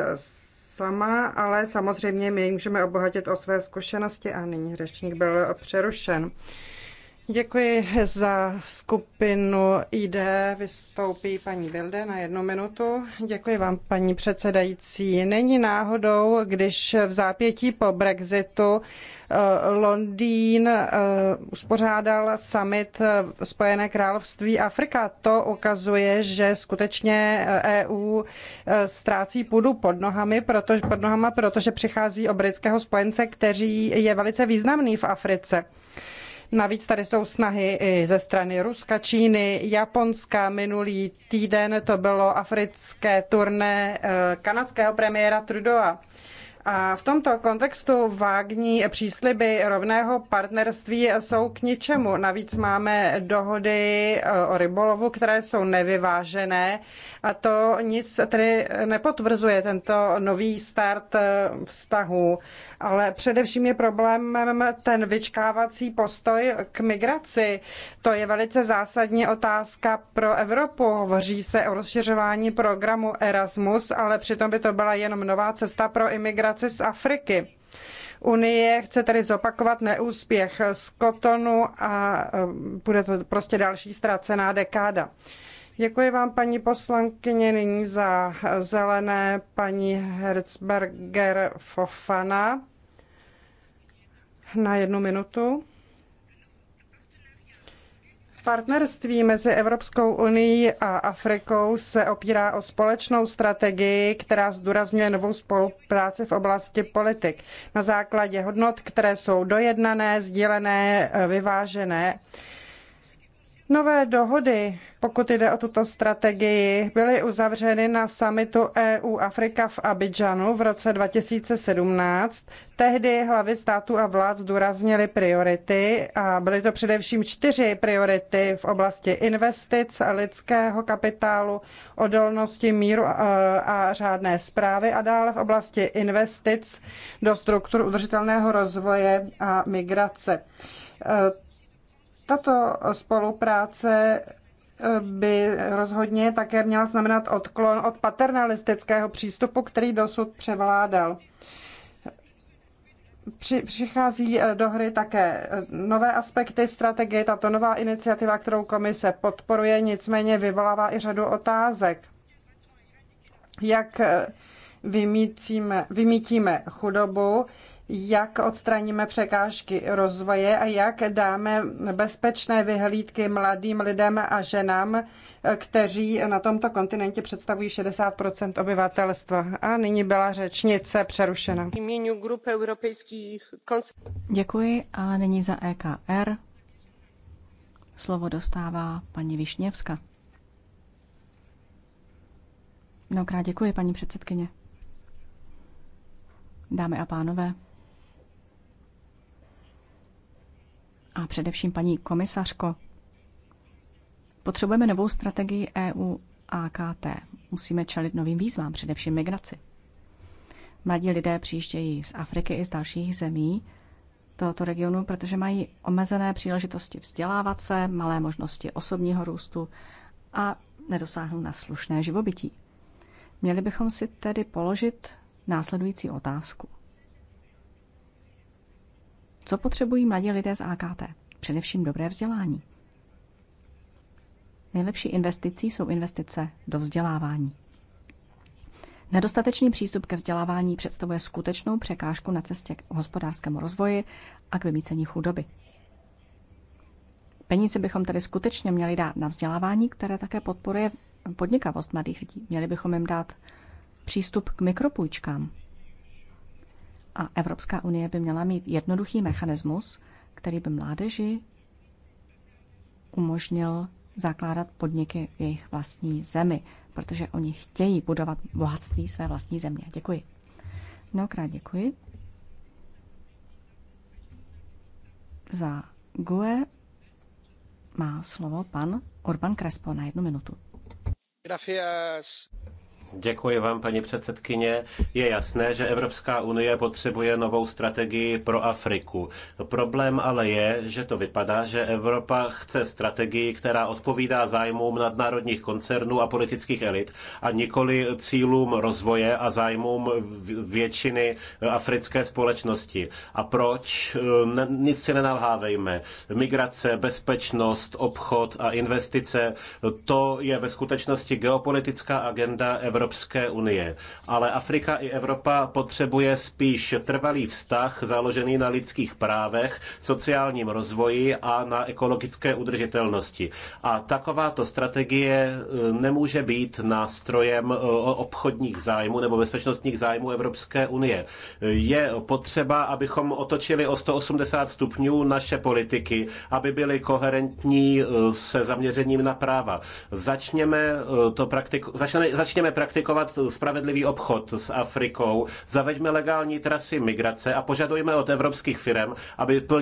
Speaker 9: sama, ale samozřejmě my můžeme obohatit o své zkušenosti a nyní řečník byl přerušen. Děkuji za skupinu ID. Vystoupí paní Bilde na jednu minutu. Děkuji vám, paní předsedající. Není náhodou, když v zápětí po Brexitu eh, Londýn eh, uspořádal summit eh, Spojené království Afrika. To ukazuje, že skutečně EU e ztrácí půdu pod, nohami, protože, pod nohama, protože přichází o britského spojence, který je velice významný v Africe. Navíc tady jsou snahy i ze strany Ruska, Číny, Japonska. Minulý týden to bylo africké turné eh, kanadského premiéra Trudeau. A v tomto kontextu vágní přísliby rovného partnerství jsou k ničemu. Navíc máme dohody eh, o rybolovu, které jsou nevyvážené a to nic tedy nepotvrzuje tento nový start eh, vztahů. Ale především je problémem ten vyčkávací postoj k migraci. To je velice zásadní otázka pro Evropu. Hovoří se o rozšiřování programu Erasmus, ale přitom by to byla jenom nová cesta pro imigraci spolupráci z Afriky. Unie chce tedy zopakovat neúspěch z Kotonu a um, bude to prostě další ztracená dekáda. Děkuji vám, paní poslankyně, nyní za zelené paní Herzberger Fofana na jednu minutu. Partnerství mezi Evropskou unii a Afrikou se opírá o společnou strategii, která zdůrazňuje novou spolupráci v oblasti politik na základě hodnot, které jsou dojednané, sdílené, vyvážené Nové dohody, pokud jde o tuto strategii, byly uzavřeny na summitu EU Afrika v Abidžanu v roce 2017. Tehdy hlavy států a vlád zdůraznily priority a byly to především čtyři priority v oblasti investic, lidského kapitálu, odolnosti míru eh, a řádné zprávy a dále v oblasti investic do struktur udržitelného rozvoje a migrace eh, tato spolupráce eh, by rozhodně také měla znamenat odklon od paternalistického přístupu, který dosud převládal. Při, přichází eh, do hry také eh, nové aspekty strategie. Tato nová iniciativa, kterou komise podporuje, nicméně vyvolává i řadu otázek. Jak vymítíme, vymítíme chudobu, jak odstraníme překážky rozvoje a jak dáme bezpečné vyhlídky mladým lidem a ženám, kteří na tomto kontinentě představují 60 obyvatelstva. A nyní byla řečnice přerušena. Děkuji
Speaker 8: a nyní za EKR slovo dostává paní Višněvska. Mnohokrát děkuji, paní předsedkyně. Dámy a pánové, a především paní komisařko, potřebujeme novou strategii EU AKT. Musíme čelit novým výzvám, především migraci. Mladí lidé přijíždějí z Afriky i z dalších zemí tohoto regionu, protože mají omezené příležitosti vzdělávat se, malé možnosti osobního růstu a nedosáhnou na slušné živobytí. Měli bychom si tedy položit následující otázku. Co potřebují mladí lidé z AKT? Především dobré vzdělání. Nejlepší investicí jsou investice do vzdělávání. Nedostatečný přístup ke vzdělávání představuje skutečnou překážku na cestě k hospodářskému rozvoji a k vymícení chudoby. Peníze bychom tedy skutečně měli dát na vzdělávání, které také podporuje podnikavost mladých lidí. Měli bychom jim dát přístup k mikropůjčkám, a Evropská unie by měla mít jednoduchý mechanismus, který by mládeži umožnil zakládat podniky v jejich vlastní zemi, protože oni chtějí budovat bohatství své vlastní země. Děkuji. Mnohokrát děkuji. Za GUE má slovo pan Orban Crespo na jednu minutu.
Speaker 7: Děkuji vám, paní předsedkyně. Je jasné, že Evropská unie potřebuje novou strategii pro Afriku. Problém ale je, že to vypadá, že Evropa chce strategii, která odpovídá zájmům nadnárodních koncernů a politických elit a nikoli cílům rozvoje a zájmům většiny africké společnosti. A proč? Nic si nenalhávejme. Migrace, bezpečnost, obchod a investice, to je ve skutečnosti geopolitická agenda Evropy Evropské unie. Ale Afrika i Evropa potřebuje spíš trvalý vztah založený na lidských právech, sociálním rozvoji a na ekologické udržitelnosti. A takováto strategie e, nemůže být nástrojem e, obchodních zájmů nebo bezpečnostních zájmů Evropské unie. Je potřeba, abychom otočili o 180 stupňů naše politiky, aby byly koherentní e, se zaměřením na práva. Začněme to praktik, začneme, začněme praktikovat praktikovat spravedlivý obchod s Afrikou, zaveďme legální trasy migrace a požadujme od evropských firm, aby plně